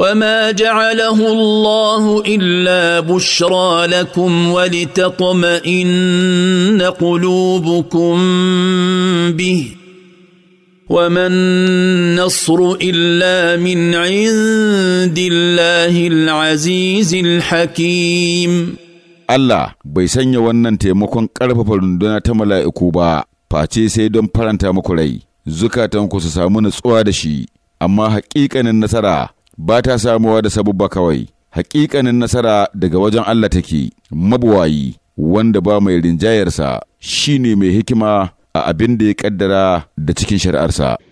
وما جعله الله الا بشرى لكم ولتطمئن قلوبكم به وما النصر الا من عند الله العزيز الحكيم Allah bai sanya wannan taimakon ƙarfafa runduna ta mala'iku ba, face sai don faranta muku rai, zukatanku su samu nutsuwa da shi, amma haƙiƙanin nasara ba ta samuwa da sabubba kawai hakikanin nasara daga wajen Allah take mabuwayi wanda ba mai rinjayarsa shi ne mai hikima a abin da ya kaddara da cikin shari'arsa